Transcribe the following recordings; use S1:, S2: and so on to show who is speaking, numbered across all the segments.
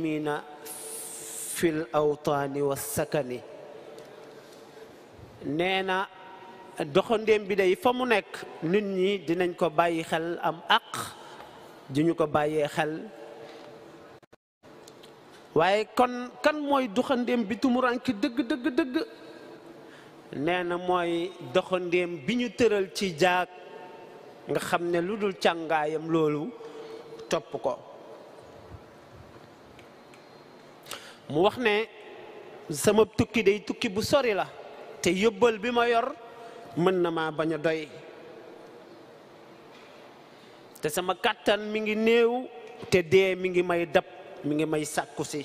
S1: miina fil awtaani wa sakani nee na doxandéem bi day fa mu nekk nit ñi dinañ ko bàyyi xel am àq di ñu ko bàyyee xel waaye kon kan mooy doxandéem bi tumuranke dëgg dëgg dëgg nee na mooy doxandéem bi ñu tëral ci jaag nga xam ne lu dul càngaayam loolu topp ko mu wax ne sama tukki day tukki bu sori la te yóbbal bi ma yor mën na ma bañ a doy te sama kàttan mi ngi néew te dee mi ngi may dab mi ngi may sàkku si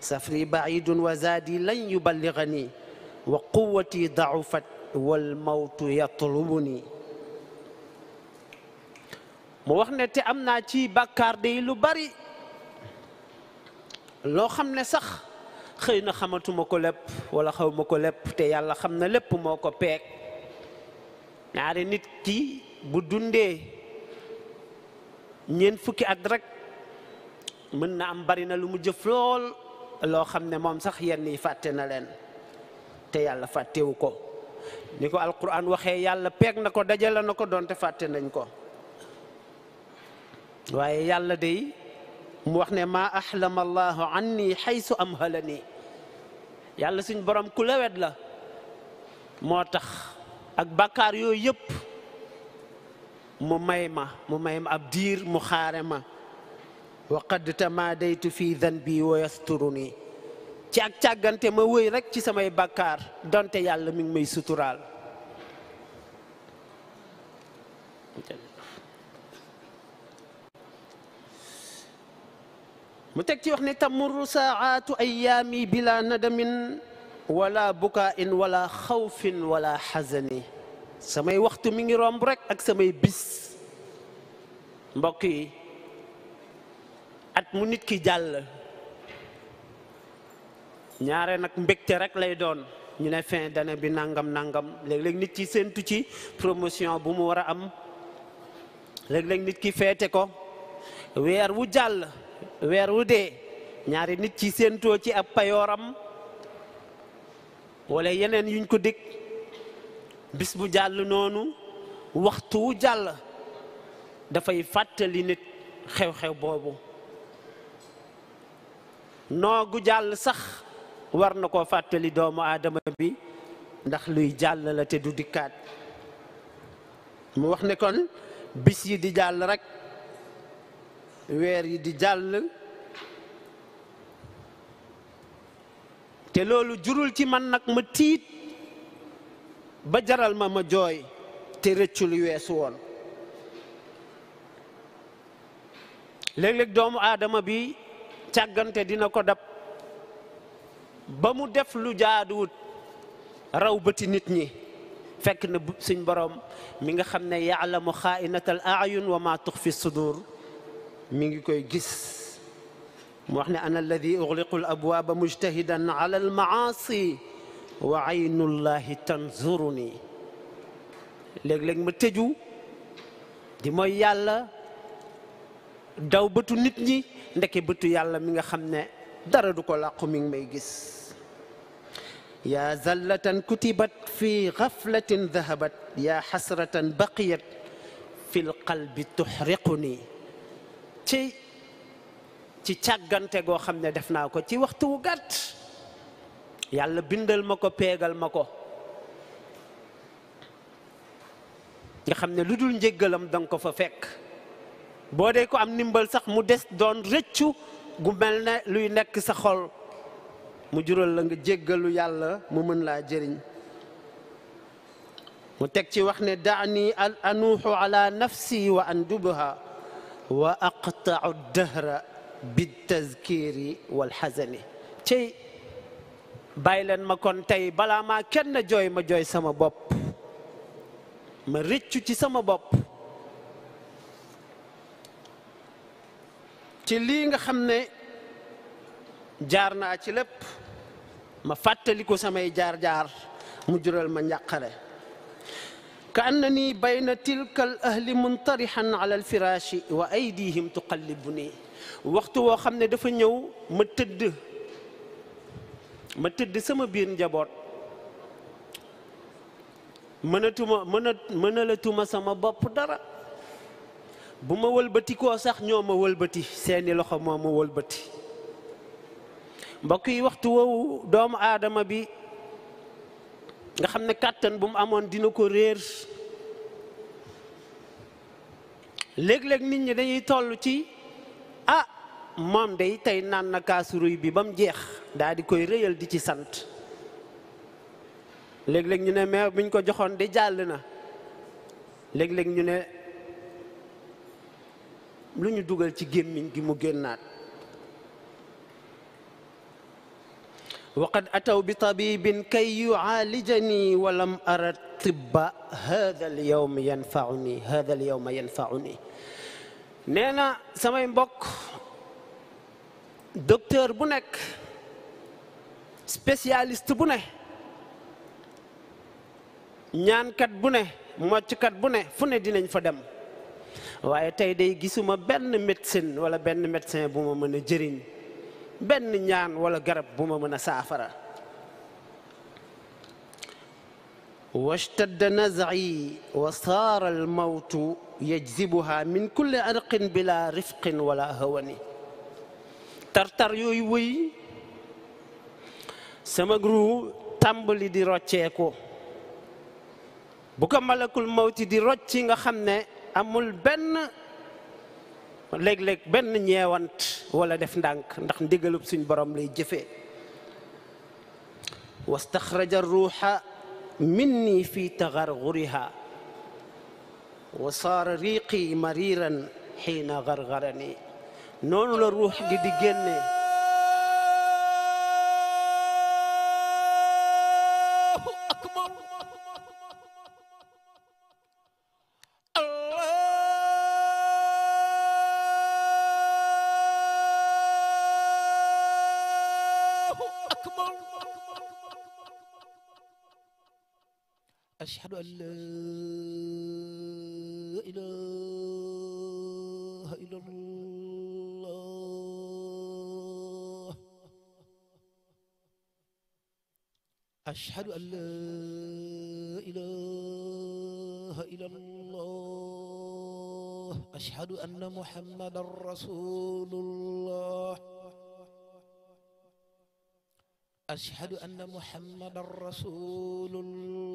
S1: safri baidun wa zaadi lan yuballigani wa quwati daufat wal mawtu yatlubuni mu wax ne te am naa ci bàkkaar day lu bari loo xam ne sax xëy na xamatuma ko lépp wala xaw ko lépp te yàlla xam na lépp moo ko peeg ñaari nit ki bu dundee ñeent fukki at rekk mën na am bari na lu mu jëf lool loo xam ne moom sax yenn yi fàtte na leen te yàlla fàttewu ko ni ko alquran waxee yàlla peeg na ko dajale na ko doonte fàtte nañ ko waaye yàlla day mu wax ne maa ahlama allahu anni xaysu am halani yàlla suñ borom ku lewet la moo tax ak bàkkaar yooyu yëpp mu may ma mu may ma ab diir mu xaare ma wa qad tamaadaytu fi danbi wa yasturuni ci ak càggante ma wéy rekk ci samay bàkkaar donte yàlla mi ngi may sutural mu teg ci wax ne tamurru saaatu ayaami bila nadamin wala bukain wala xawfin wala xasani samay waxtu mi ngi romb rek ak samay bis mbokk yi at mu nit ki jàll ñaare nag mbégte rek lay doon ñu ne fin d'année bi nàngam nangam léeg-léeg nit ki séentu ci promotion bu mu war a am léeg-léeg nit ki feete ko weer wu jàll weer wu dee ñaari nit ci séentoo ci ab payooram wala yeneen yuñ ko dégg bis bu jàll noonu waxtu wu jàll dafay fàttali nit xew-xew boobu noogu jàll sax war na koo fàttali doomu aadama bi ndax luy jàll la te du dikkaat mu wax ne kon bis yi di jàll rekk weer yi di jàll te loolu jurul ci man nag ma tiit ba jaral ma ma jooy te rëccu weesu woon léeg-léeg doomu aadama bi càggante dina ko dab ba mu def lu jaaduwut raw bëti nit ñi fekk na suñ boroom mi nga xam ne yaalamu xaainatal ayun wa ma tux fi sudur mi ngi koy gis mu wax ne ana alladi uxliqu al abwaaba mujtahidan ala al maasi wa aynullahi tanzuruni léeg-léeg ma tëju di mooy yàlla daw bëtu nit ñi ndeke bëtu yàlla mi nga xam ne dara du ko làqu mi ngi may gis yaa zallatan kutibat fi gaflatin dahabat yaa xasratan baqiyat fi lqalbi tuxriquni ci càggante goo xam ne def naa ko ci waxtu wu gàtt yàlla bindal ma ko peegal ma ko nga xam ne lu dul njëggalam danga ko fa fekk boo dee ko am ndimbal sax mu des doon rëccu gu mel ne luy nekk sa xol mu jural la nga jéggalu yàlla mu mën laa jëriñ mu teg ci wax ne daani anuuxu ala nafsi wa andubha wa aqtau dahra bitazkiri walxasani tey bàyyi leen ma kon tey balaa maa kenn jooy ma jooy sama bopp ma rëccu ci sama bopp ci lii nga xam ne jaar naa ci lépp ma fàttaliku samay jaar-jaar mu jural ma njàqare ka annani bayna tilka al ahli muntarixan ala al firaashi wa aydihim tuqallibuni waxtu woo xam ne dafa ñëw ma tëdd ma tëdd sama biir njaboot mënatuma mëna mënalatuma sama bopp dara bu ma wëlbati koo sax ñoo ma walbati seeni loxo moo ma wëlbati mbokk waxtu woowu doomu aadama bi nga xam ne kàttan bu mu amoon dina ko réer léeg-léeg nit ñi dañuy tollu ci ah moom day tey naan na kaasuruy bi ba mu jeex daal di koy réyal di ci sant léeg-léeg ñu ne meew biñ ko joxoon de jàll na léeg-léeg ñu ne lu ñu dugal ci gémmiñ gi mu génnaat wa waqad ataw bi tabibin kay yuaalijani walam ara tibba hada al yowm yanfauni hada al yowma yanfauni nee na samay mbokk docteur bu nekk spécialiste bu ne ñaankat bu ne mocckat bu ne fu ne dinañ fa dem waaye tey day gisuma benn médecine wala benn médecin bu ma mën a jëriñ benn ñaan wala garab bu ma mën a saafara washtadda naz'i wa saara almawtu yajzibuha min kulli arqin bila rifqin wala hawani tartar yooyu wëy sama gru tàmbali di rocceeku bu ko malakul mawti di rocci nga xam ne amul benn léeg-léeg benn ñeewant wala def ndànk ndax ndigalub suñ borom lay jëfee wastaxraja ruuxa minni fi tagarguriha wa saara riiqi mariran xiina gargarani noonu la ruux di génnee ashhadu an laa ilaaha illallaah ashhadu an laa ilaaha illallaah ashhadu anna muhammadan rasuulullaah ashhadu anna muhammadan rasuulullaah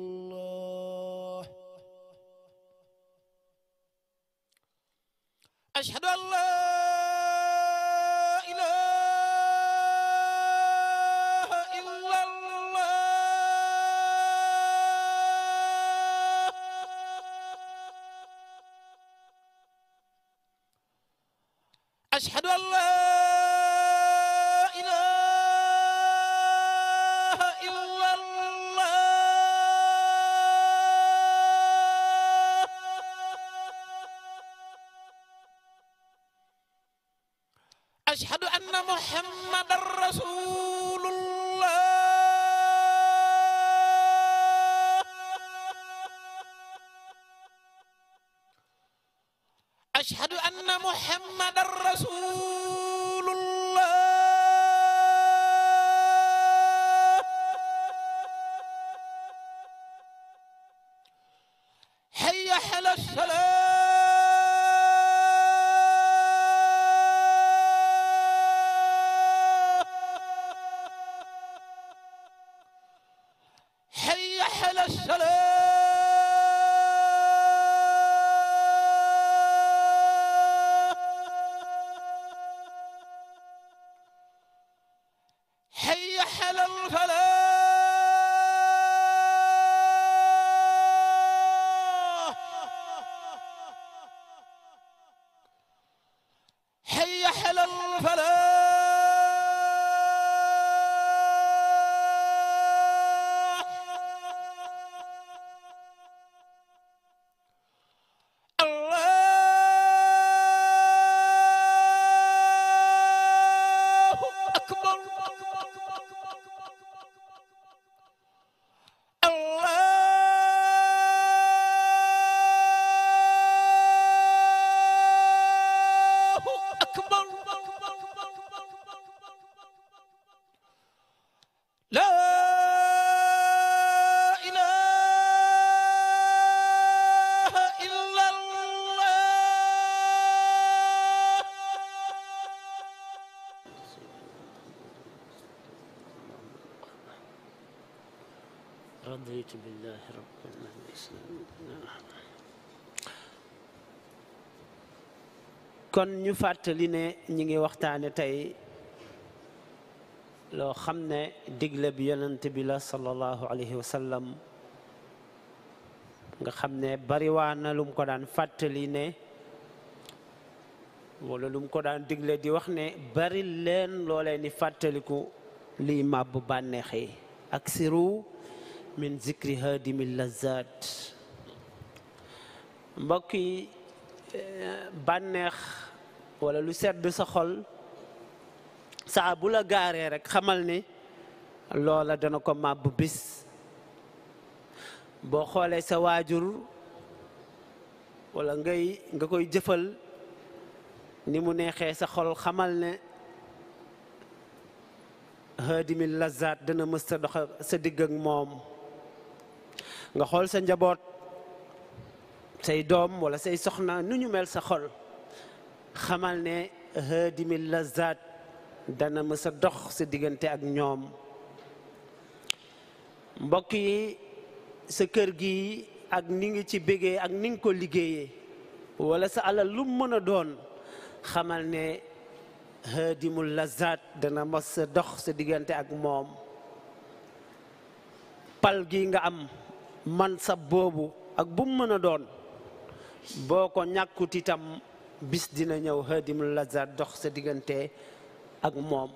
S1: kon ñu fàttali ne ñi ngi waxtaane tey loo xam ne digle bi yonent bi la sallallahu alayhi wa nga xam ne bariwaa na lum ko daan fàttali ne wala lum ko daan digle di wax ne bari leen loo leen di fàttaliku liy màbb bànneex yi aksiru min zikri hadimi lazat mbokk yi eh, walla lu sedd sa xol saa bu la gaaree rek xamal ni loola dana ko màbb bis boo xoolee sa waajur wala ngay nga koy jëfal ni mu neexee sa xol xamal ne haadimi lazat dana mës sa dox sa digg ak moom nga xool sa njaboot say doom wala say soxna nu ñu mel sa xol xamal ne haadimi lazat dana mës a dox sa diggante ak ñoom mbokk yi sa kër gi ak ni ngi ci bégee ak ni nga ko liggéeye walla sa alal lu mën a doon xamal ne haadimu lazat dana mës a dox sa diggante ak moom pal gi nga am man sa boobu ak bu mu mën a doon boo ko ñàkkut itam bis dina ñëw xaadimul lazar dox sa diggante ak moom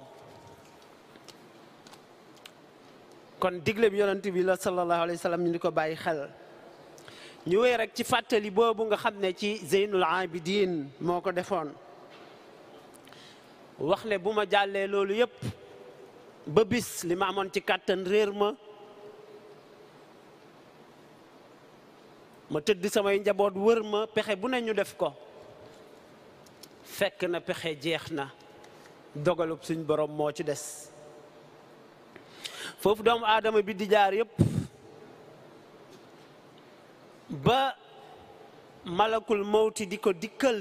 S1: kon digle bi yonent bi la sallallahu alayhi wa ñu di ko bàyyi xel ñu wéy rek ci fàttali boobu nga xam ne ci zeynul abidin moo ko defoon wax ne bu ma jàllee loolu yépp ba bis li ma amoon ci kàttan réer ma ma tëdd samay njaboot wër ma pexe bu ne ñu def ko fekk na pexe jeex na dogalub suñ borom moo ci des foofu doomu aadama bi di jaar yépp ba malakul mawti di ko dikkal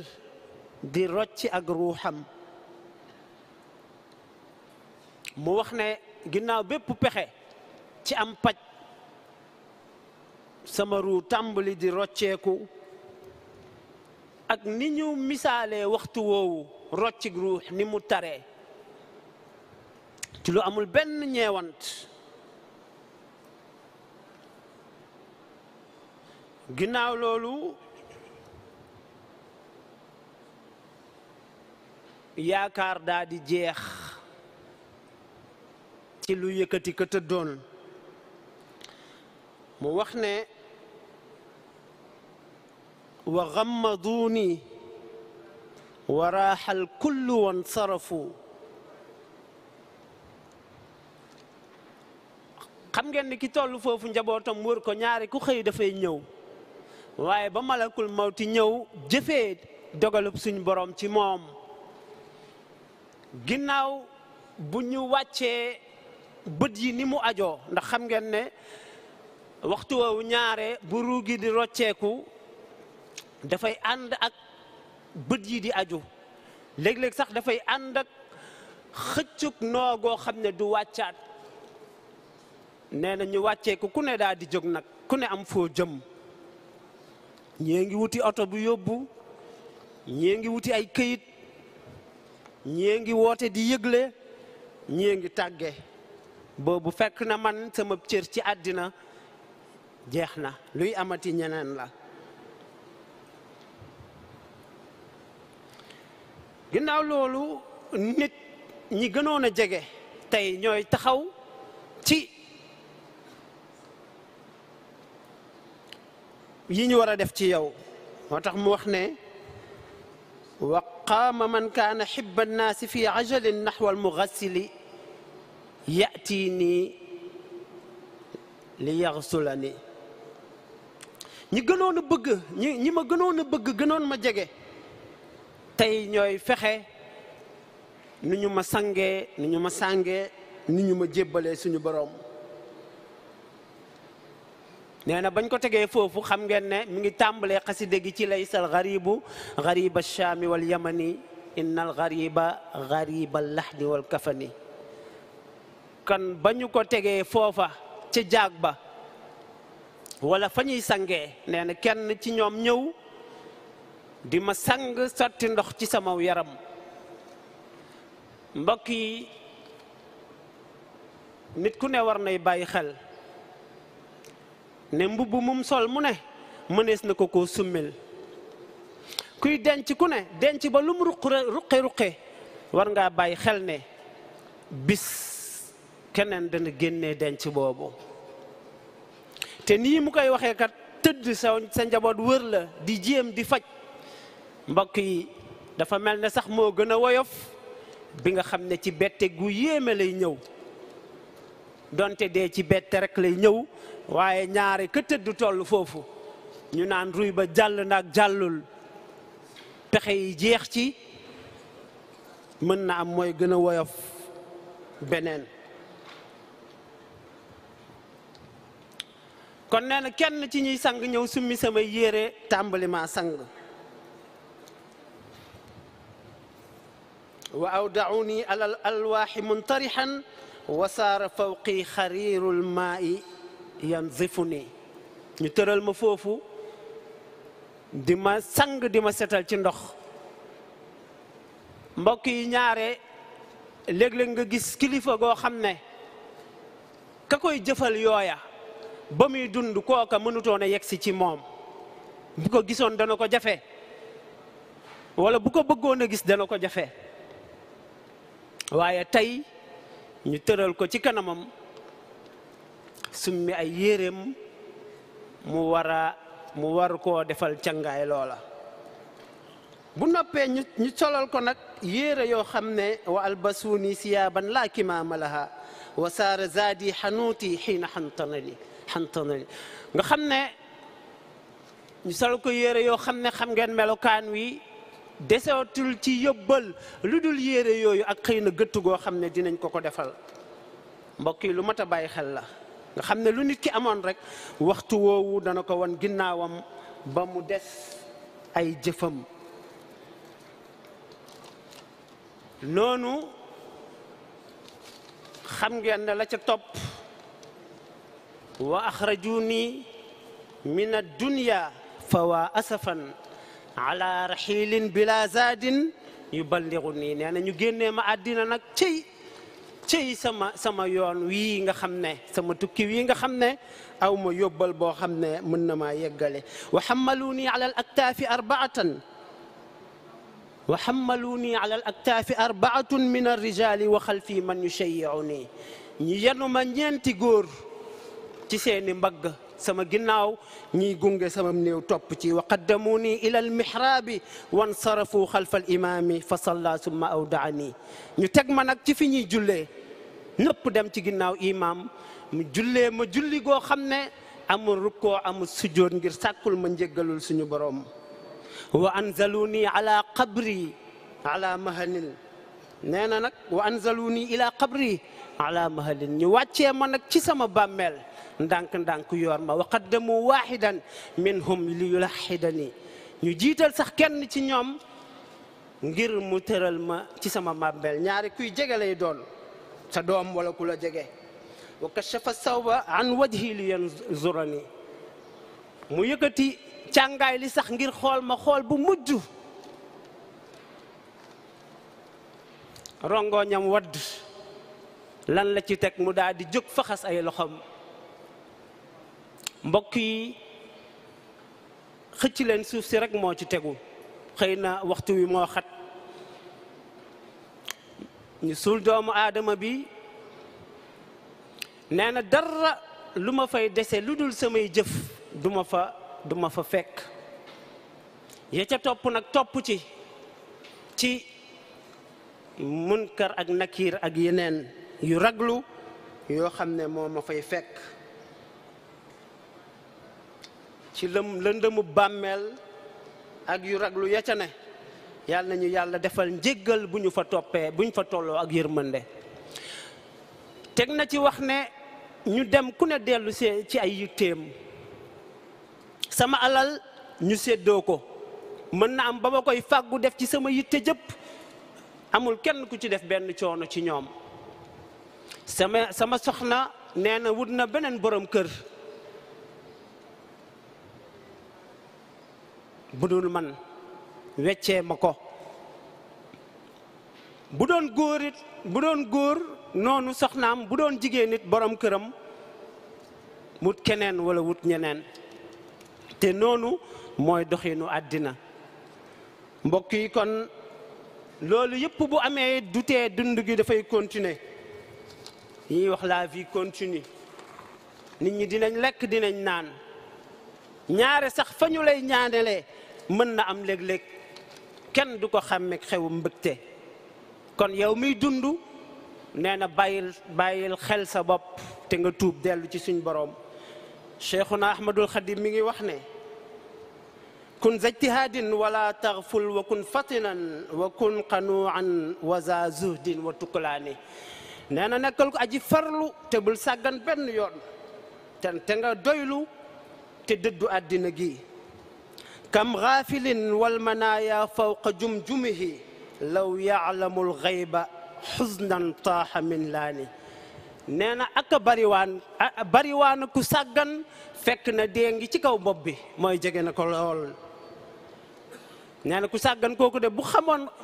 S1: di rocci ak ruuxam mu wax ne ginnaaw bépp pexe ci am paj sama ruu tàmbali di rocceeku ak ni ñu misaalee waxtu woowu roccig ruux ni mu taree ci lu amul benn ñeewant ginnaaw loolu yaakaar daadi jeex ci lu yëkkati ka tëddoon mu wax ne wa xammaduuni wa raaxal kullu sarafu xam ngeen ni ki toll foofu njabootam wër ko ñaari ku xëy dafay ñëw waaye ba malakul mawti ñëw jëfee dogalub suñ borom ci moom ginnaaw bu ñu wàccee bët yi ni mu ajoo ndax xam ngeen ne waxtu woowu ñaare bu ruugi di rocceeku dafay ànd ak bët yi di aju léeg-léeg sax dafay ànd ak xëccug noogoo xam ne du wàccaat nee na ñu wàccee ko ku ne daal di jóg nag ku ne am foo jëm ñee ngi wuti oto bu yóbbu ñee ngi wuti ay këyit ñee ngi woote di yëgle ñee ngi tàgge boobu fekk na man sama cër ci àddina jeex na luy amati ñeneen la ginnaaw loolu nit ñi gënoon a jege tey ñooy taxaw ci yi ñu war a def ci yow moo tax mu wax ne wa qaama man kaana xibba nnaasi fi ajalin naxwa mu yatii nii li yaxsula ni ñi gënoon a bëgg ñi ñi ma gënoon a bëgg gënoon ma jege tey ñooy fexe nu ñu ma sange nu ñu ma sàngee nu ñu ma jébbalee suñu boroom nee na bañ ko tegee foofu xam ngeen ne mu ngi tàmbalee xaside gi ci laysal garibu gariba shaami wal yamani innal gariba gariba lahdi wal kafani kan ba ñu ko tegee foofa ca jaag ba wala fa ñuy sangee neena kenn ci ñoom ñëw di ma sang sotti ndox ci sama yaram mbokk yi nit ku ne war nay bàyyi xel ne mbubb mum sol mu ne mënees na ko koo summil kuy denc ku ne denc ba lu mu ruqe ruqe war ngaa bàyyi xel ne bis keneen dana génne denc boobu te nii mu koy waxee kat tëdd sa njaboot wër la di jéem di faj mbokk yi dafa mel ne sax moo gën a woyof bi nga xam ne ci bette gu yéeme lay ñëw donte dee ci bette rekk lay ñëw waaye ñaare ka tëdd toll foofu ñu naan ruy ba jàll naag jàllul pexe yi jeex ci mën na am mooy gën a woyof beneen kon nee na kenn ci ñuy sang ñëw summi samay yére tàmbali maa sang wa awdauni ala al alwaaxi muntarixan wa saara fawqi xariirul maa'i yanzifuni ñu tëral ma foofu di ma sang di ma setal ci ndox mbokk yi ñaare léeg-léeg nga gis kilifa goo xam ne ka koy jëfal yooya ba muy dund kooka mënutoon a yegsi ci moom bu ko gisoon dana ko jafe walla bu ko bëggoon a gis dana ko jafe waaye tey ñu tëral ko ci kanamam summi ay yéreem mu war mu war koo defal cangaay loola bu noppee ñu ñu solal ko nag yére yoo xam ne wa albasuuni siyaaban laa kimaama laha wa saara zaadi xanuuti xiina xantanali xantanali nga xam ne ñu solal ko yére yoo xam ne xam ngeen melokaan wi deseetul ci yóbbal lu dul yére yooyu ak xëy na gëtt goo xam ne dinañ ko ko defal mbokk yi lu mat a bàyyi xel la nga xam ne lu nit ki amoon rekk waxtu woowu dana ko won ginnaawam ba mu des ay jëfam noonu xam ngeen ne la ca topp wa axrajuni min ad dunya fa waa asafan ala raxilin bila zadin yuballigu nii nee na ñu génnee ma àddina nag cëy cëy sama sama yoon wii nga xam ne sama tukki wii nga xam ne aw ma yóbbal boo xam ne mën na maa yeggale wa xammaluuni ala al aktaafi arbaatan wa xammaluuni ala al aktaafi arbaatun min arrijaali wa xalfii man yushayyi'uni ñu yenu ma ñeenti góor ci seeni mbagg sama ginnaaw ñiy gunge sama néew topp ci wa qaddamuni ila almihraabi wansarafu xalfa alimaami fa salla summa awdaani ñu teg ma nag ci fi ñuy jullee ñëpp dem ci ginnaaw imaam mu jullee ma julli goo xam ne amul rukkoo amul sujjóot ngir sàkkul ma njéggalul suñu boroom wa anzaluni ala qabri ala mahalin nee na nag wa anzaluni ila qabri ala mahalin ñu wàccee ma nag ci sama bàmmeel ndànk-ndànk yoor ma wa qaddamu waaxidan minhum li yulaxidani ñu jiital sax kenn ci ñoom ngir mu tëral ma ci sama màbbeel ñaari kuy jege lay doon sa doom walla ku la jege wa kashafa sawba an wajhi li yanzurani mu yëkkati càngaay li sax ngir xool ma xool bu mujj rongooñam wadd lan la ci teg mu daal jóg faxas ay loxoom mbokk yi xëcc leen suuf si rekk moo ci tegu xëy na waxtu wi moo xat ñu suul doomu aadama bi nee na dara lu ma fay dese lu dul samay jëf du ma fa du ma fa fekk ya ca topp nag topp ci ci munkar ak nakiir ak yeneen yu raglu yoo xam ne moo ma fay fekk ci lëm lëndëmu bàmmeel ak yu raglu ya ne yàlla nañu yàlla defal njéggal bu ñu fa toppee bu ñu fa tolloo ak yërmande teg na ci wax ne ñu dem ku ne dellu ci ay yitteem sama alal ñu seddoo ko mën na am ba ma koy fàggu def ci sama yitte jëpp amul kenn ku ci def benn coono ci ñoom sama sama soxna nee na wut na beneen borom kër bu dul man weccee ma ko bu doon góor bu doon góor noonu soxnaam bu doon jigéen it borom këram wut keneen wala wut ñeneen te noonu mooy doxinu àddina mbokk yi kon loolu yëpp bu amee dutee dund gi dafay continuer yi ñuy wax la vie continue nit ñi dinañ lekk dinañ naan ñaare sax fañu ñu lay ñaanalee mën na am léeg-léeg kenn du ko xàmmeeg xew mbëgte kon yow mi dund nee na bàyyil xel sa bopp te nga tuub dellu ci suñ boroom cheikhuna ahmadul xadim mi ngi wax ne kun zajtihaadin wala taxful wa kun fatinan wa kun qanuan wa za zuhdin wa tukkalaani nee na nekkal ko aji farlu te bul benn yoon te te nga doylu te dëddu àddina gi kam gaafilin wal manaaya fawqa jumjumihi law yaalamu lxayba xusnan taaxa min laani nee na ak bariwaan bariwaan ku sàggan fekk na dee ngi ci kaw bopp bi mooy jege na ko lool nee na ku sàggan kooku de bu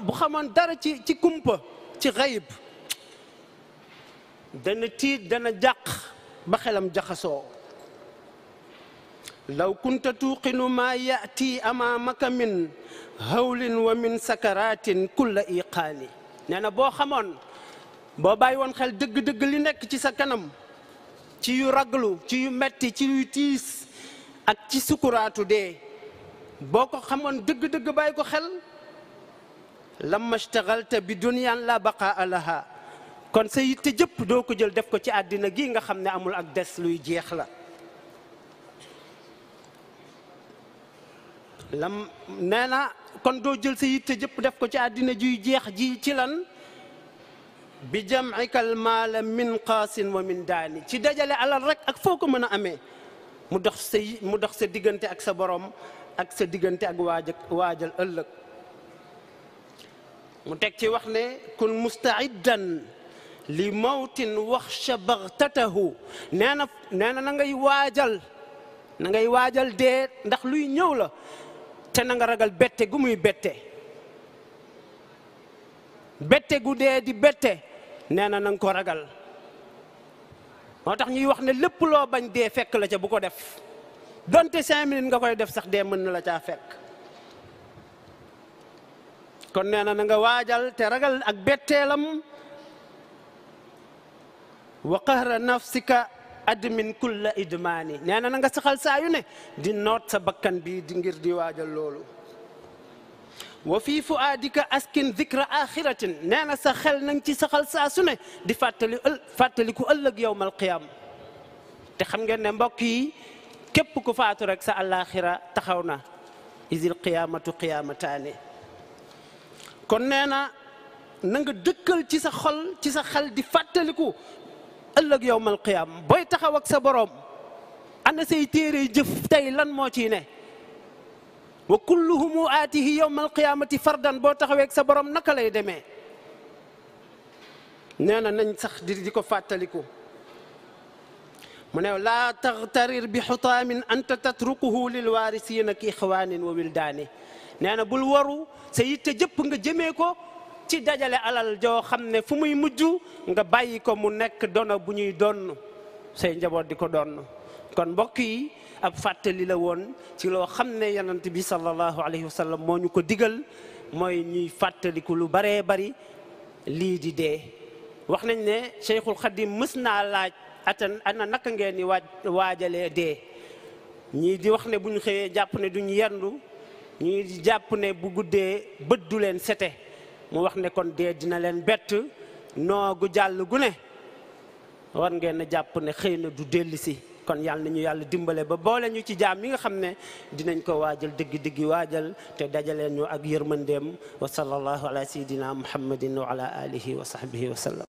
S1: xamoon dara ci ci kumpa ci xayb dana tiit dana jàq ba xelam jaxasoo law kunta tuuqinu maa yati amaamaka min hawlin wa min sakaraatin kulla iqaani nee na boo xamoon boo bàyyi woon xel dëgg-dëgg li nekk ci sa kanam ci yu raglu ci yu metti ci yu tiis ak ci sukuraatu dee boo ko xamoon dëgg-dëgg bàyyi ko xel lam lamma shtagalta bi duniyaan la baqaa laha kon sa yitte jëpp doo ko jël def ko ci àddina gi nga xam ne amul ak des luy jeex la lam nee na kon doo jël sa yitte jëpp def ko ci àddina juy jeex ji ci lan bi jamika al maala min qaasin wa min daani ci dajale alal rek ak foo ko mën a amee mu dox sa mu dox sa diggante ak sa borom ak sa diggante ak waaja waajal ëllëg mu teg ci wax ne kun mustaiddan li mawtin waxsha bagtatahu nee na nee na na ngay waajal na waajal dee ndax luy ñëw la te na nga ragal bette gu muy bette bette gu dee di bette nee na na nga ko ragal moo tax ñuy wax ne lépp loo bañ dee fekk la ca bu ko def donte cinq minutes nga koy def sax dee mën na la caa fekk kon nee na na nga waajal te ragal ak betteelam wa qahra nafsika admin kulla idmaani nee na na saxal saa yu ne di noot sa bakkan bi di ngir di waajal loolu wa fii fuaadika askin dikra axiratin nee na sa xel na nga ci saxal saa su ne di fàttali ël fàttaliku ëllëg yowmal qiyaam te xam ngeen ne mbokk yi képp ku faatu rek sa àllaaxira taxaw na isil qiyaamatu qiyaamataane kon nee na dëkkal ci sa xol ci sa xel di fàttaliku ëllëg yowmal qiyaam booy taxaw ak sa boroom ana say téere jëf tey lan moo ciy ne wa kulluhumu aatihi yowmal qiyaamati fardan boo taxawee ak sa borom naka lay demee nee na nañ sax di di ko fàttaliku mu ne laa taxtarir bi xutaamin anta tatrukuhu lil waarisiina ki ixwaanin wa wildaani nee bul waru sa yitte jëpp nga jëmee ci dajale alal joo xam ne fu muy mujj nga bàyyi ko mu nekk dona bu ñuy donn say njaboot di ko donn kon mbokk yi ab fàttali la woon ci loo xam ne yonent bi sallallahu alayhi wa moo ñu ko digal mooy ñuy fàttaliku lu baree bari lii di dee wax nañ ne Cheikhul Khadim mës naa laaj atan ana naka ngeen di waaj waajalee dee ñii di wax ne bu ñu xëyee jàpp ne duñu yendu ñii di jàpp ne bu guddee bët du leen sete mu wax ne kon dee dina leen bett noo gu jàll gune war ngeen a jàpp ne xëy na du dellu si kon yàlla na ñu yàlla dimbale ba boole ñu ci jaam mi nga xam ne dinañ ko waajal dëgg dëggi waajal te dajaleen ñu ak yërmandeem wa sallallahu ala sayidina muhammadin wa ala alihi wa sahbihi wa sallam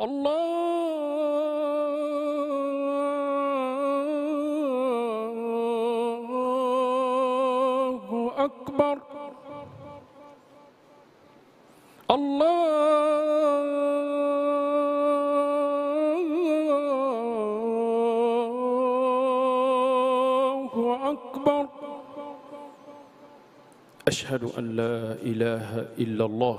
S2: الله أكبر الله أكبر أشهد أن لا إله إلا الله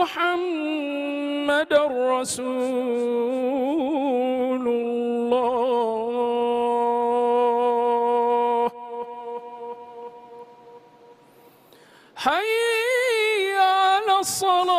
S2: محمد رسول الله حي على الصلاة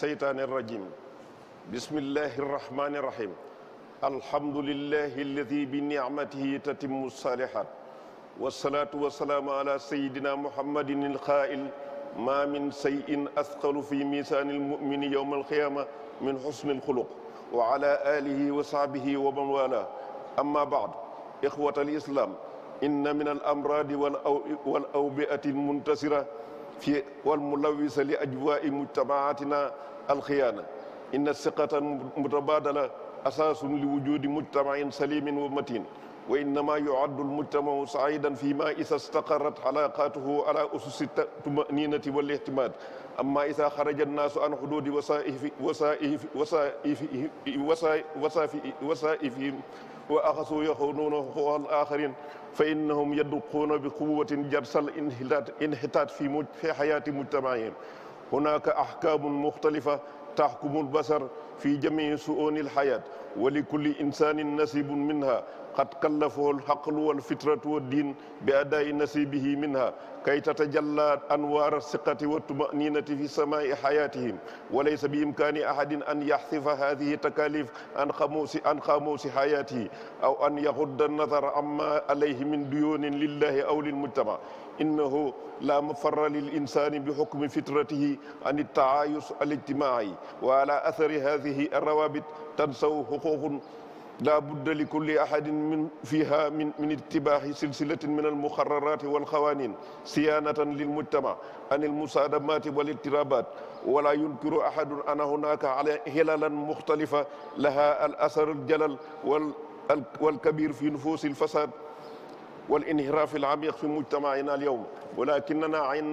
S3: الشيطان الرجيم بسم الله الرحمن الرحيم الحمد لله الذي بنعمته تتم الصالحات والصلاة والسلام على سيدنا محمد القائل ما من شيء أثقل في ميزان المؤمن يوم القيامة من حسن الخلق وعلى آله وصحبه ومن والاه أما بعد إخوة الإسلام إن من الأمراض والأوبئة المنتصرة fi wal mulawisa li ajwaai mujtamaatina alxiyaana inna siqatan mutabadala asaasun li wujudi mujtamain salimin wa matin wa innama yuaddu almujtamau saidan fi ma isa staqarrat xalaqatuhu ala ususi tumaninati wal ihtimad amma isa xaraja annaasu an xududi wasaifi wasaifi wasaifi wasaifihim wa axasu yaxunuuna xuwan axarin fa innahum yadduquuna bi quwatin jarsal inhitaat fi mu fi xayaati mujtamaihim hunaka ahkamun muxtalifa taxkumu albasar fi jamii suuni alxayaat wa likulli insanin nasibun minha qad kallafahu alxaqlu walfitratu waddin bi adaayi nasibihi minha kay tatajalla anwaar alsiqati waltumaninati fi samaai xayatihim wa laysa bi imkaani ahadin an yaxsifa hadihi takalif an xamuusi an xamuusi xayatihi aw an yaxudda annadara amma alayhi min duyoonin lillahi aw lilmujtama innahu la mafarra lil insani bi xukmi fitratihi an ittaayus al ijtimaai wa ala athari hadihi arrawabit tansaw xuququn laa budda li kulli ahadin min fiha min min ittibaahi silsilatin min almuxararaati walxawaanin siyaanatan lilmujtama an almusaadamaati walittirabaat wala yunkiru ahadun ana hunaka ala hilalan muxtalifa laha al asar aljalal wal والكبير في نفوس الفساد والانحراف العميق في مجتمعنا اليوم ولكننا عين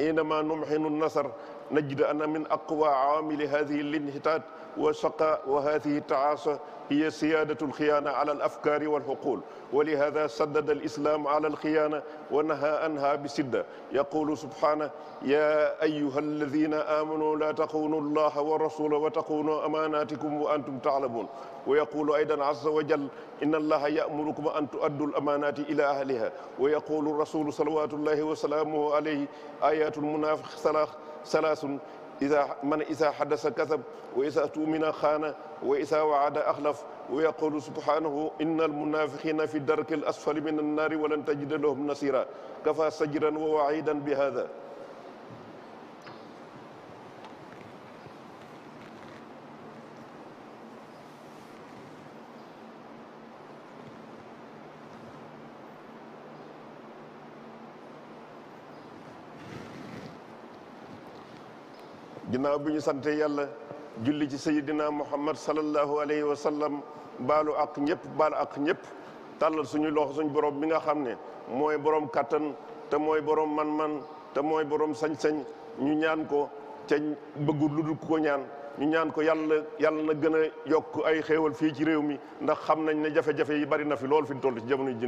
S3: إنما نمحن النصر نجد أن من أقوى عوامل هذه الانحطاط والشقاء وهذه التعاسة هي سيادة الخيانة على الأفكار والعقول ولهذا سدد الإسلام على الخيانة ونهى عنها بسدة يقول سبحانه يا أيها الذين آمنوا لا تخونوا الله والرسول وتخونوا أماناتكم وأنتم تعلمون ويقول أيضا عز وجل إن الله يأمركم أن تؤدوا الأمانات إلى أهلها ويقول الرسول صلوات الله وسلامه عليه آيات المنافق ثلاث salaasun isa man isa xaddasa kasab wa isa tuumina xaana wa isa waada axlaf wa yaqulu subhanahu inna almunafiqina fi darki al asfali min annaari walan tajida lahum nasira kafa sajran wa waidan bi hada ginnaaw bu ñu sante yàlla julli ci sayidina muhammad salallahu alayhi wa sallam baalu ak ñëpp baalu ak ñëpp tàllal suñu loxo suñu borom mi nga xam ne mooy borom kattan te mooy borom man-man te mooy borom sañ-sañ ñu ñaan ko ca bëggul lu dul ko ñaan ñu ñaan ko yàlla yàlla na gën a yokk ay xéewal fii ci réew mi ndax xam nañ ne jafe-jafe yi bari na fi lool fi ñu toll ci jamono ji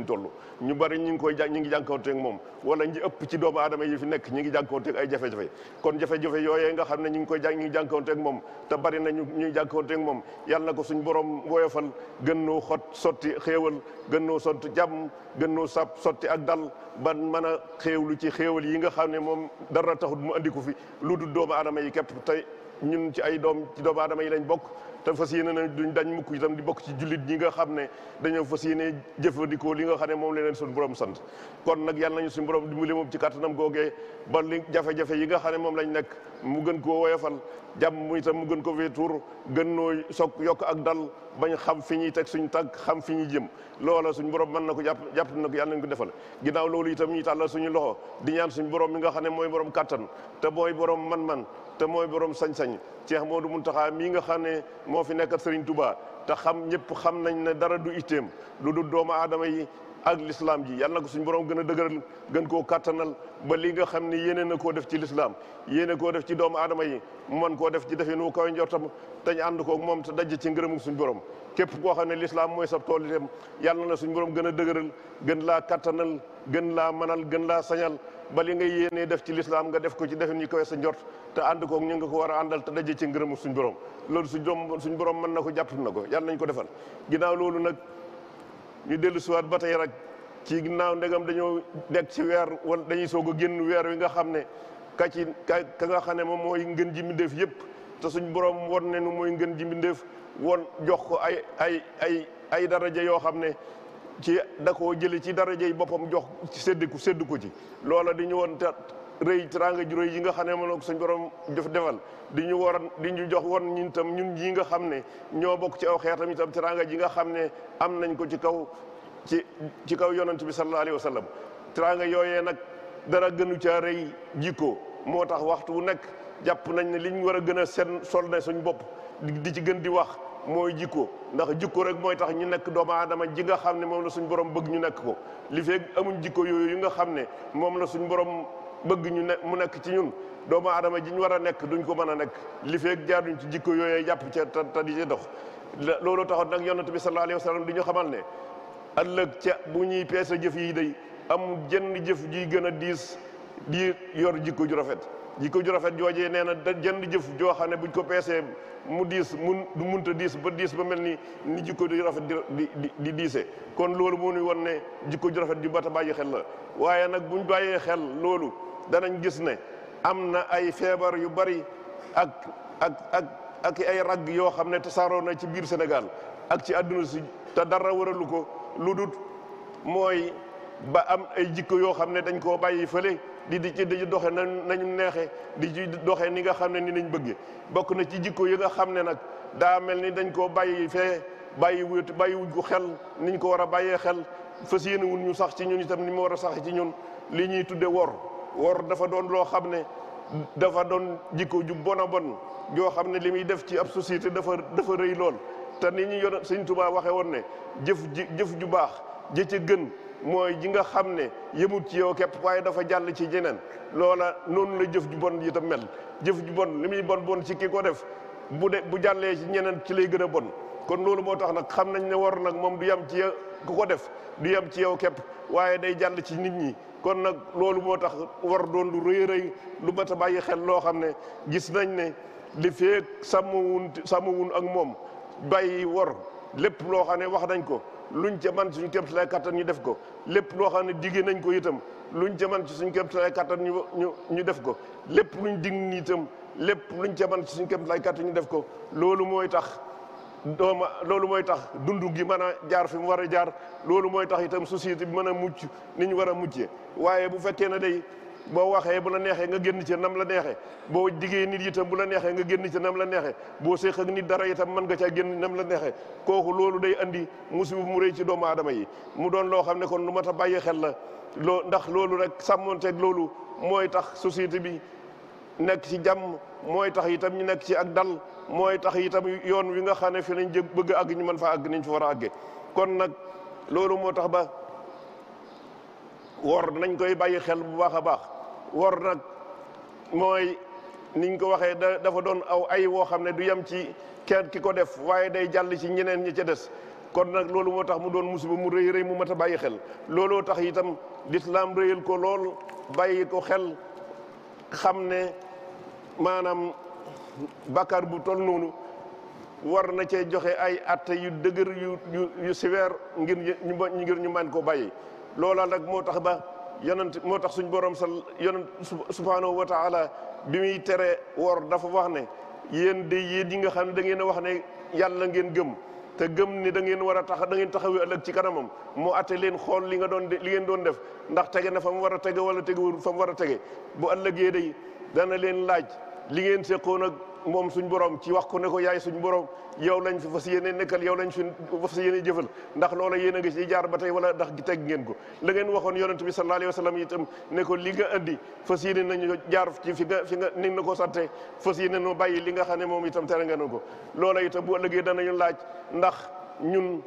S3: ñu bari ñu ngi koy ñu ngi jànkuwanteeg moom wala ñi ëpp ci doomu aadama yi fi nekk ñu ngi jànkuwanteeg ay jafe kon jafe-jafe nga xam ne ñu ngi koy ñu ngi moom te bari na ñu ngi jànkuwanteeg moom yàlla ko suñ borom woyofal gën noo xot sotti xéewal gën noo sotti jàmm gën noo ak dal ba mën a xéewlu ci xéewal yi nga xam ne moom dara taxut mu andi ko fi lu dul doomu adama yi képp tey ñun ci ay doom ci yi lañ bokk te fas yéene na duñ dañ mukk itam di bokk ci jullit ñi nga xam ne dañoo fas yéene jëfandikoo li nga xam ne moom la leen suñu borom sant kon nag yàlla nañu suñu borom dimbali moom ci kàttanam googee ba li jafe yi nga xam ne moom lañ nekk mu gën koo woyofal jam mu itam mu gën ko fee tuur gën noo soog yokk ak dal bañ xam fi ñuy teg suñu tànk xam fi ñuy jëm loola suñu borom mën na ko jàpp jàpp na ko yàlla nañ ko defal ginnaaw loolu itam ñuy tàllal suñu loxo di ñaan suñu borom mi nga xam ne mooy borom kàttan te mooy borom man-man te mooy borom sañ-sañ du Modou Mountakha mii nga xam ne moo fi nekkat Serigne Touba te xam ñëpp xam nañ ne dara du itteem lu du doomu aadama yi ak lislaam ji yàlla na ko suñu borom gën a dëgëral gën koo kattanal ba li nga xam ne yéene koo def ci lislaam yéene koo def ci doomu aadama yi mën koo def ci definu kaw njortam tañ ànd koog moom te dajj ci ngërëmu suñu borom képp koo xam ne lislaam mooy sab tool itam yàlla na suñu borom gën a dëgëral gën laa kattanal gën laa manal gën laa sañal ba li nga yéenee def ci lislaam nga def ko ci defin ni koy sa njort te ànd kook ñu nga ko war a àndal te daje ci ngërëmu suñ borom loolu suñ doom suñ borom mën na ko jàpp na ko yàlla nañ ko defal ginnaaw loolu nag ñu dellu siwaat ba tey rek ci ginnaaw ndegam dañoo nekk ci weer wal dañuy soog a génn weer wi nga xam ne ka ci ka ka nga xam ne moom mooy ngën ji mbindéef yëpp te suñ borom won ne nu mooy ngën ji mbindéef won jox ko ay ay ay ay daraja yoo xam ne ci da koo jële ci dara darajey boppam jox sédd ku sédd ko ci loola di ñu woon te rëy teraanga ju yi nga xam ne moom suñ borom jof defal di ñu war di ñu jox woon ñun ñun ñii nga xam ne ñoo bokk ci aw xeetam itam teraanga ji nga xam ne am nañ ko ci kaw ci ci kaw yonent bi sallallahu alayhi wa sallam teraanga yooyee nag dara gënu caa rëy jikko moo tax waxtu wu nekk jàpp nañ ne liñ war a gën a seen sol na suñ bopp di ci gën di wax mooy jikko ndax jikko rek mooy tax ñu nekk doomu aadama ji nga xam ne moom la suñu borom bëgg ñu nekk ko li fee amuñ jikko yooyu yi nga xam ne moom la suñu borom bëgg ñu ne mu nekk ci ñun doomu aadama ji ñu war a nekk duñ ko mën a nekk li fee jaaduñ ci jikko yooyee jàpp ca te di ca dox loolu taxoon nag yonent bi sallallahu alayhi wa sallam di ñu xamal ne ëllëg ca bu ñuy peese jëf yi day am jenn jëf jiy gën a diis di yor jikko ju rafet jikko ju rafet joojee nee na da jënd jëf joo xam ne buñ ko peesee mu diis mun du munta diis ba diis ba mel ni ni jikko ju rafet di di di kon loolu moo nu won ne jikko ju rafet ju bata bàyyi xel la waaye nag buñ bàyyee xel loolu danañ gis ne am na ay feebar yu bari ak ak ak ak ay ragg yoo xam ne tasaaroo na ci biir Sénégal ak ci àdduna si te dara waralu ko lu dut mooy ba am ay jikko yoo xam ne dañ koo bàyyi fële di di ci di doxe na nañu neexe di ci doxe ni nga xam ne ni nañ bëgge bokk na ci jikko yi nga xam ne nag daa mel ni dañ koo bàyyi fee bàyyi wut bàyyi wuñ ko xel niñ ko war a bàyyee xel fas yéene ñu sax ci ñun itam ni mu war a sax ci ñun li ñuy tudde wor wor dafa doon loo xam ne dafa doon jikko ju bon a bon yoo xam ne li muy def ci ab société dafa dafa rëy lool te ni ñu yor Sëñ Tuubaa waxe woon ne jëf ji jëf ju baax jë ca gën mooy ji nga xam ne yëmut ci yow képp waaye dafa jàll ci jeneen loola noonu la jëf ju bon itam mel jëf ju bon li muy bon bon ci ki ko def bu de bu jàllee ci ñeneen ci lay gën a bon kon loolu moo tax nag xam nañ ne war nag moom du yem ci ku ko def du yem ci yow képp waaye day jàll ci nit ñi kon nag loolu moo tax war doon lu rëy rëy lu mat a bàyyi xel loo xam ne gis nañ ne li feeg sàmmawun sàmmawun ak moom bàyyi wor lépp loo xam ne wax nañ ko luñ ca man suñ képp lay kattan ñu def ko lépp loo xam ne digee nañ ko itam luñ ca man ci suñ képp kattan ñu ñu ñu def ko lépp luñ dig ni itam lépp luñ ca man ci suñ képp lay kattan ñu def ko loolu mooy tax dooma loolu mooy tax dund gi mën a jaar fi mu war a jaar loolu mooy tax itam société bi mën a mucc ni ñu war a muccee waaye bu fekkee na day boo waxee bu la neexee nga génn ci nam la neexee boo diggee nit itam bu la neexee nga génn ci nam la neexe boo séq ak nit dara yitam mën nga caa génn nam la neexee kooku loolu day andi musiba mu rëy ci doomu aadama yi mu doon loo xam ne kon lu mat a bàyyi xel la loo ndax loolu rek sàmmonteeg loolu mooy tax société bi nekk ci jàmm mooy tax itam ñu nekk ci ak dal mooy tax itam yoon wi nga xam ne fi lañ jë bëgg àgg ñu mën fa àgg niñ fa war a kon nag loolu moo tax ba wor nañ koy bàyyi xel bu baax a baax war nag mooy niñ ko waxee da dafa doon aw ay woo xam ne du yem ci kenn ki ko def waaye day jàll ci ñeneen ñi ci des kon nag loolu moo tax mu doon musiba mu rëy rëy mu mat a bàyyi xel looloo tax itam lislaam rëyal ko lool bàyyi ko xel xam ne maanaam bàkkaar bu tol noonu war na cee joxe ay atte yu dëgër yu yu sévère ngir ñu ngir ñu mën koo bàyyi loola nag moo tax ba yonent moo tax suñ borom sal yonent subhaanahu wa taala bi muy tere wor dafa wax ne yéen de yéen yi nga xam ne da ngeen a wax ne yàlla ngeen gëm te gëm ni da ngeen war a tax da ngeen taxawee ëllëg ci kanamam moo atte leen xool li nga doon li ngeen doon def ndax tege na fa mu war a tege wala tegewul fa mu war a tege bu ëllëgee day dana leen laaj li ngeen seqoon ak moom suñ borom ci wax ko ne ko yaay suñ borom yow lañ fi fas yéene nekkal yow lañ fi fas yéene jëfal ndax loola yéen a ci jaar ba tey wala ndax teg ngeen ko la waxoon yonent bi sallallahu ne ko li nga andi fas yéene nañu jaar fi nga fi na ko sante fas yéene noo bàyyi li nga xam moom itam tere ngeen ko loola itam bu ëllëgee danañu laaj ndax ñun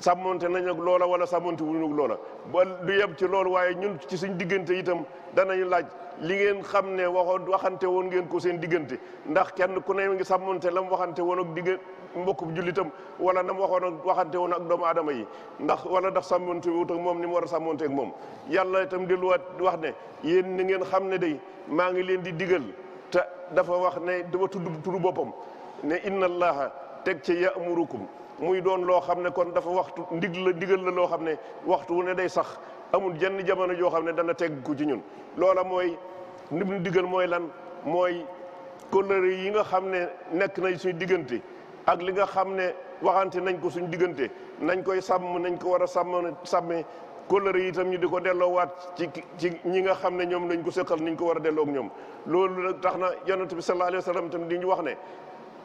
S3: sàmmonte nañ ak loola wala sàmmonte wu ñu loola ba du yem ci loolu waaye ñun ci suñ diggante itam danañ laaj li ngeen xam ne waxoon waxante woon ngeen ko seen diggante ndax kenn ku ne ngi sàmmonte la mu waxante woon ak digg mbokk jullitam wala nam waxoon ak waxante doomu aadama yi ndax wala ndax sàmmonte wut ak moom ni mu war a sàmmonte ak moom yàlla itam delluwaat wax ne yéen ni ngeen xam ne day maa ngi leen di diggal te dafa wax ne dafa tudd turu boppam ne inna allaha teg ci ya ya'murukum muy doon loo xam ne kon dafa waxtu ndig la ndigal la loo xam ne waxtu wu ne day sax amul jenn jamono joo xam ne dana teg ko ci ñun loola mooy lim nu digal mooy lan mooy kóllëre yi nga xam ne nekk nañ suñu diggante ak li nga xam ne waxante nañ ko suñu diggante nañ koy sàmm nañ ko war a sàmm sàmmee kóllëre yi tam ñu di ko delloowaat ci ci ñi nga xam ne ñoom nañ ko sëqal nañ ko war a delloo ak ñoom loolu tax na yonent bi sallallahu alayhi wa sallam di ñu wax ne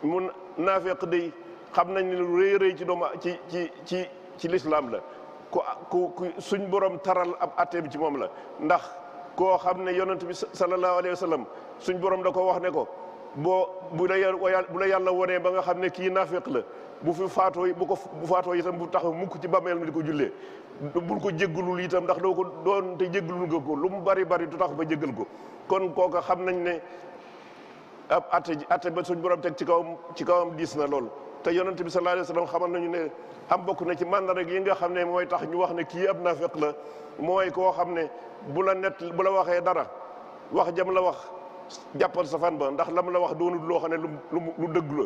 S3: mun naafiq day xam nañ ne rëy rëy ci doomu ci ci ci ci lislaam la ku ku suñ borom taral ab atte bi ci moom la ndax koo xam ne yonent bi sallallahu alayhi wa sallam suñ borom da ko wax ne ko boo bu la bu la yàlla wonee ba nga xam ne kii naafiq la bu fi faatoo bu ko bu faatoo itam bu taxaw mukk ci bàmmeel mi di ko jullee bul ko jéggalul itam ndax doo ko doon te jéggalul nga ko lu mu bari bari du tax ba jëggal ko kon koo kooka xam nañ ne ab atte atte ba suñ borom teg ci kawam ci kawam diis na lool te yonent bi sallallahu alayhi wasallam xamal nañu ne am bokk na ci mandarga yi nga xam ne mooy tax ñu wax ne kii ab naafeq la mooy koo xam ne bu la nett bu la waxee dara wax jam la wax jàppal safan ba ndax lam la wax doonul loo xam ne lu lu dëgg la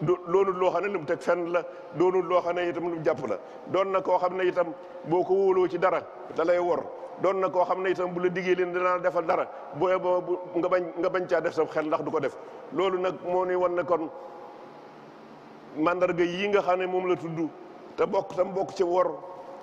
S3: doonul loo xam ne lu mu teg fenn la doonul loo xam ne itam lu mu jàpp la doon na koo xam ne itam boo ko wóoloo ci dara da lay wor doon na koo xam ne itam bu la diggee leen dinaa defal dara booy boo nga bañ nga bañ caa def sa xel ndax du ko def loolu nag moo ni wan ne kon mandarga yii nga xam ne moom la tudd te bokk tam bokk ci wor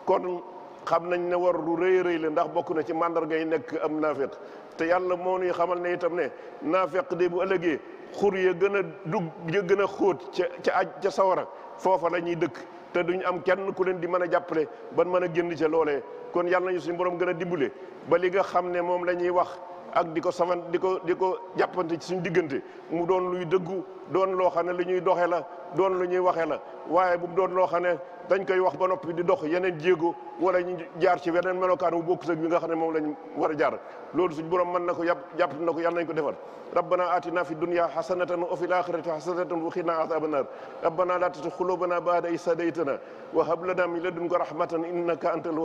S3: kon xam nañ ne wor lu rëy rëy la ndax bokk na ci mandarga yi nekk am naafeq te yàlla moo ñuy xamal ne itam ne naafeq de bu ëllëgee xur ya gën a dugg ya gën a xóot ca ca aj ca sawara foofa la ñuy dëkk te duñ am kenn ku leen di mën a jàppale ban mën a génn ca loole kon yàlla nañu suñu boroom gën a dimbale ba li nga xam ne moom la ñuy wax ak di ko saman di ko di ko jàppante ci suñu diggante mu doon luy dëggu doon loo xam ne lu ñuy doxe la doon lu ñuy waxe la waaye bu mu doon loo xam ne dañ koy wax ba noppi di dox yeneen jéego wala ñu jaar ci weneen melokaan bu bokk sëg bi nga xam ne moom lañ war a jaar loolu suñ borom mën na ko yàpp jàpp na ko yàlla nañ ko defal rabbana atina fi dunya hasanatan wa fil akhirati hasanatan wa qina adhaban nar rabbana la tuzigh qulubana ba'da idh hadaytana wa hab lana min rahmatan innaka antal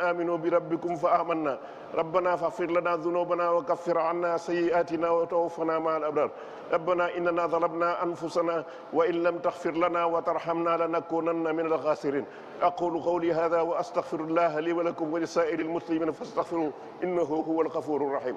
S3: an bi rabbikum fa amanna rabbana سيئاتنا وتوفنا مع الأبرار ربنا إننا ظلمنا أنفسنا وإن لم تغفر لنا وترحمنا لنكونن من الخاسرين أقول قولي هذا وأستغفر الله لي ولكم ولسائر المسلمين فاستغفروه إنه هو الغفور الرحيم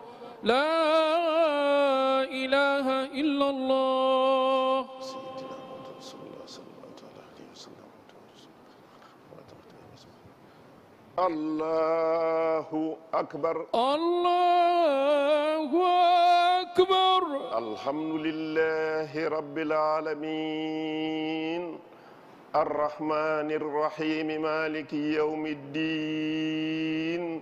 S2: لا إله إلا الله
S3: الله أكبر الله أكبر الحمد لله رب العالمين الرحمن الرحيم مالك يوم الدين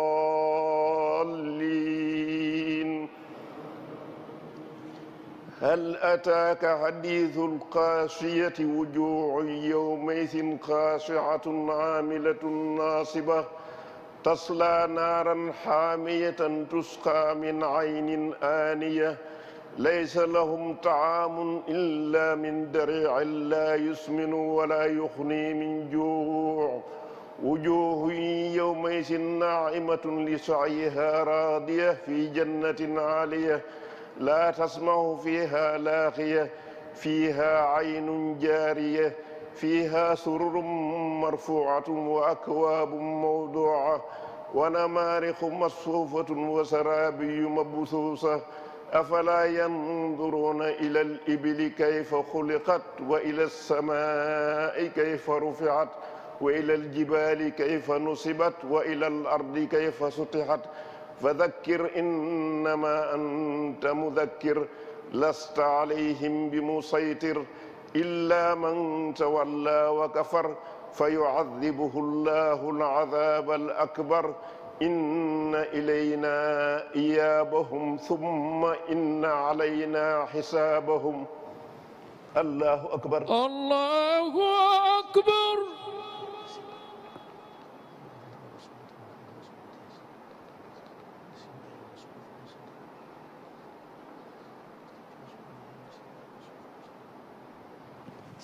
S3: هل أتاك حديث القاشية وجوع يومئذ خاشعة عاملة ناصبة تصلى نارا حامية تسقى من عين آنية ليس لهم طعام إلا من دريع لا يسمن ولا يخني من جوع وجوه يومئذ ناعمة لسعيها راضية في جنة عالية laa tasmahu fiha laaxiya fiha aynun jaariya fiha sururun marfuatun wa akwaabun mawduca wa namaarixu masfuufatun wa saraabiyu mabsuusa afalaa yanduruuna ila al-ibili kayfa xuliqat wa ila as-samaa'i kayfa ruficat wa ila al-jibaali kayfa nusibat wa ila al-ardi kayfa sutixat fa dakkir innama anta mudakkir lasta alayhim bi musaytir illa man tawalla wa kafar fa yuadibuhu llahu alazab alakbar inna ilayna iyaabahum thumma inna alayna xisaabahum allahu akbar allahu akbar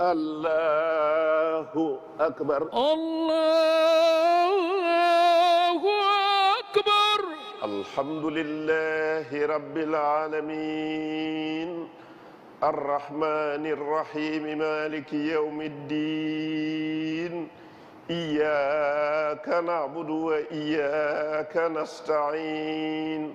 S3: الله أكبر الله أكبر الحمد لله رب العالمين الرحمن الرحيم مالك يوم الدين إياك نعبد وإياك نستعين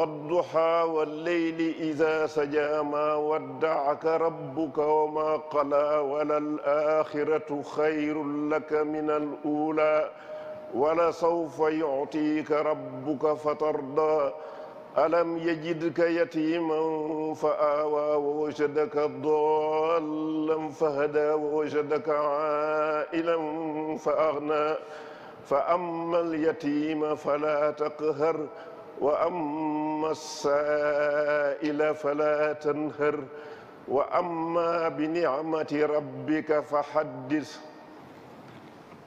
S3: والضحى والليل إذا سجى ما ودعك ربك وما قلى وللآخرة خير لك من الأولى ولسوف يعطيك ربك فترضى ألم يجدك يتيما فآوى ووجدك ضالا فهدى ووجدك عائلا فأغنى فأما اليتيم فلا تقهر wa amma saa'ila fala tanhar wa amma bi ni'mati rabbika fa haddis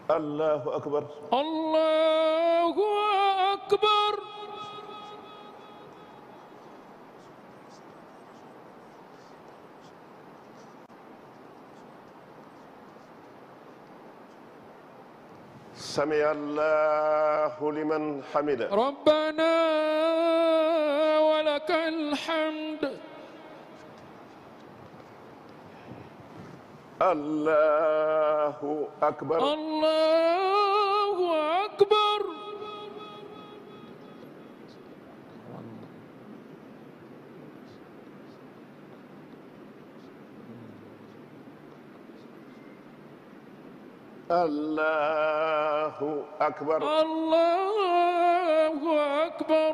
S3: allahu akbar
S2: allahu akbar
S3: sami allahu liman hamida rabbana لك الحمد الله أكبر
S2: الله أكبر
S3: الله أكبر الله أكبر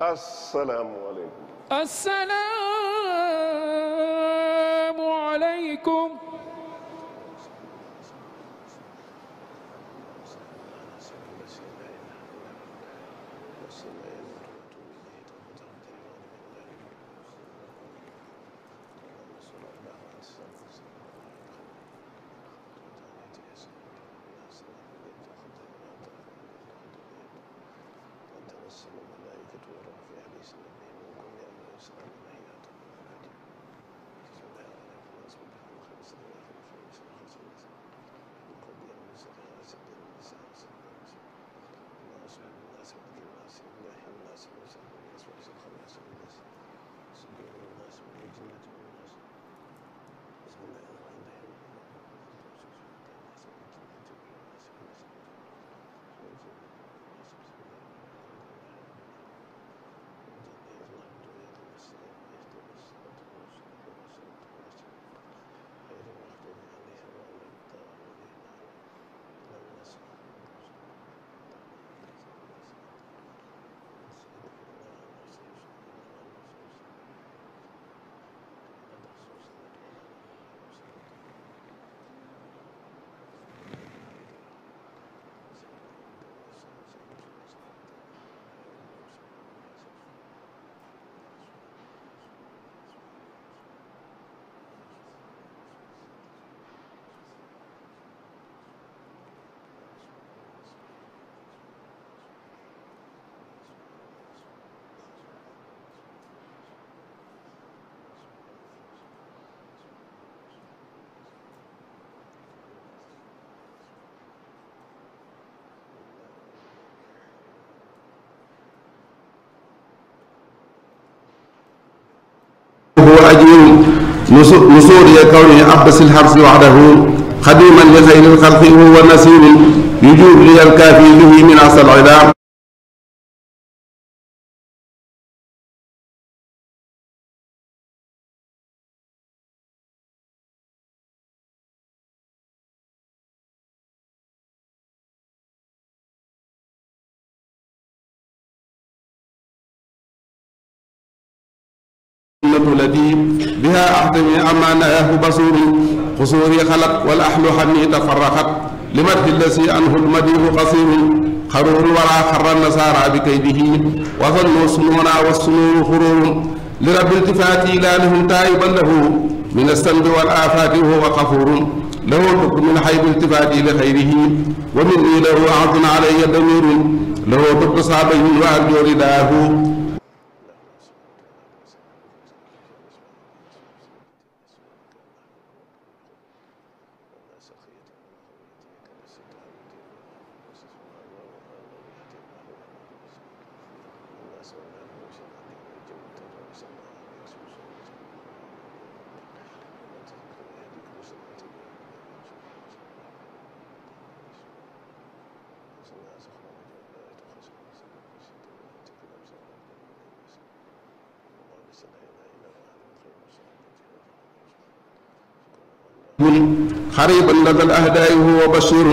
S3: asalaamualeykum.
S2: asalaamualeykum.
S4: أجرهم نصور كونه أبس الحرس وحده خديما
S5: لخير الخلق هو نسير يجوب لي الكافي به من عصى العلا عما نهاه بصوري قصوري خلت والأحل حني
S4: تفرقت لمدح الذي عنه المديح قصير خرور ولا خر النصارى بكيده وظنوا سنونا والسنون خرور لرب التفاتي لا لهم تائبا له من السلب والآفات وهو غفور له الحكم من حيث التفاتي لخيره ومني له عرض علي ضمير له ضد صعبين وأرجو رداه قريبا لدى الأهداء هو بشير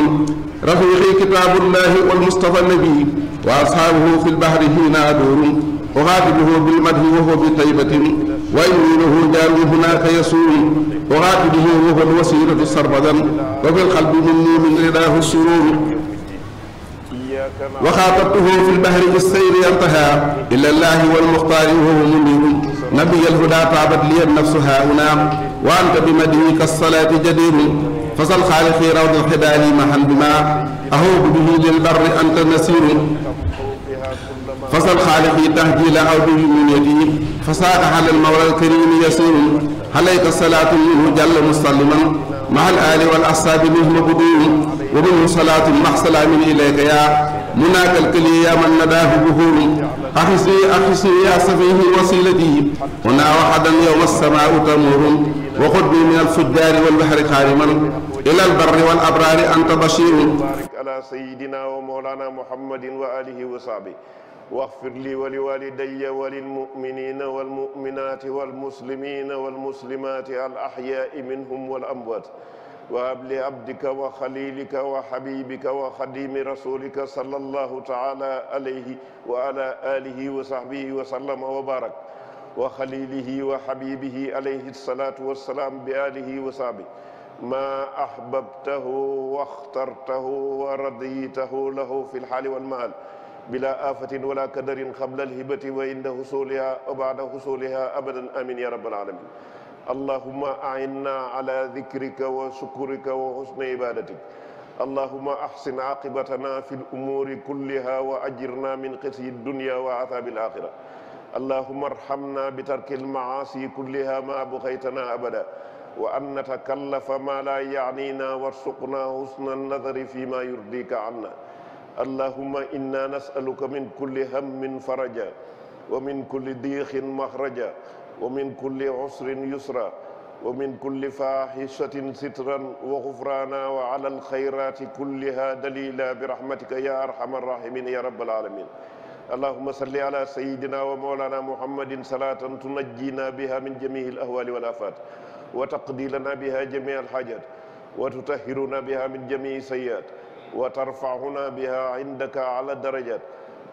S4: رفيقي كتاب الله والمصطفى النبي وأصحابه في البحر هنا دور أغادله بالمدح وهو بطيبة وإني له جاري هناك يسوم أغادله وهو الوسيلة سربدا وفي القلب مني من رضاه السرور وخاطبته في البحر السير ينتهى إلى الله والمختار وهو منير نبي الهدى طابت لي النفس هاهنا وأنت بمديك الصلاة جدير فصل خالقي روض الخدال محا بما أهوب به للبر أنت نسير فصل خالقي تهجيل أو به من يدي فساق على المولى الكريم يسير عليك الصلاة منه جل مسلما مع الآل والأصحاب منه بدون ومنه صلاة مع سلام إليك يا مناك الكلي يا من نداه بخور أخصني أخصني يا سفيه وسيلتي هنا وحدا يوم السماء تمور وخذني من الفجار والبحر خارما إلى البر
S3: والأبرار أنت بشير بارك على سيدنا ومولانا محمد وآله وصحبه واغفر لي ولوالدي وللمؤمنين والمؤمنات والمسلمين والمسلمات الأحياء منهم والأموات وهب لعبدك وخليلك وحبيبك وخديم رسولك صلى الله تعالى عليه وعلى آله وصحبه وسلم وبارك وخليله وحبيبه عليه الصلاة والسلام بآله وصحبه ما أحببته واخترته ورضيته له في الحال والمال بلا آفة ولا كدر قبل الهبة وعند حصولها وبعد حصولها أبدا آمين يا رب العالمين اللهم أعنا على ذكرك وشكرك وحسن عبادتك اللهم أحسن عاقبتنا في الأمور كلها وأجرنا من خزي الدنيا وعذاب الآخرة اللهم ارحمنا بترك المعاصي كلها ما بقيتنا أبدا وأن نتكلف ما لا يعنينا وارزقنا حسن النظر فيما يرضيك عنا اللهم إنا نسألك من كل هم فرجا ومن كل ضيق مخرجا wa min kulli usrin yusra wa min kulli fahishatin sitran wa ghufrana wa ala alkhayrati kulliha dalila bi rahmatika ya arhamar rahimin ya rabbal alamin allahumma salli ala sayyidina wa mawlana muhammadin salatan tunajjina biha min jami'il ahwali wal afat wa taqdi lana biha jami'al hajat wa tutahhiruna biha min jami'i sayyiat wa tarfa'una biha indaka ala darajat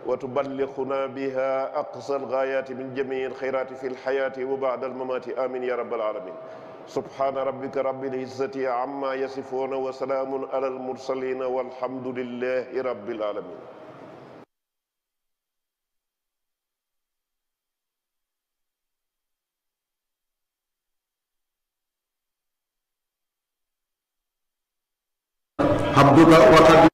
S3: wa tuballighuna biha aqsa alghayati min jamii alxayrati fi lxayati wa baada almamaati amin ya rabbal alamin subhana rabbika rabbil izzati amma yasifuuna wa salaamun ala almursalina walhamdulillahi rabbil alamin
S5: abduka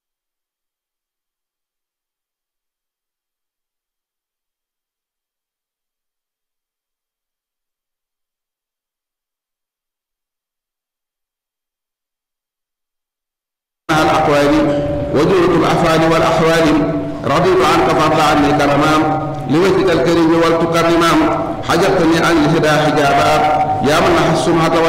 S5: الأفعال والأحوال رضيت عنك فارض عني
S4: كرمام
S5: لوجهك الكريم والتكرمام حجبتني عن الهدى حجابا يا من نحى السمعة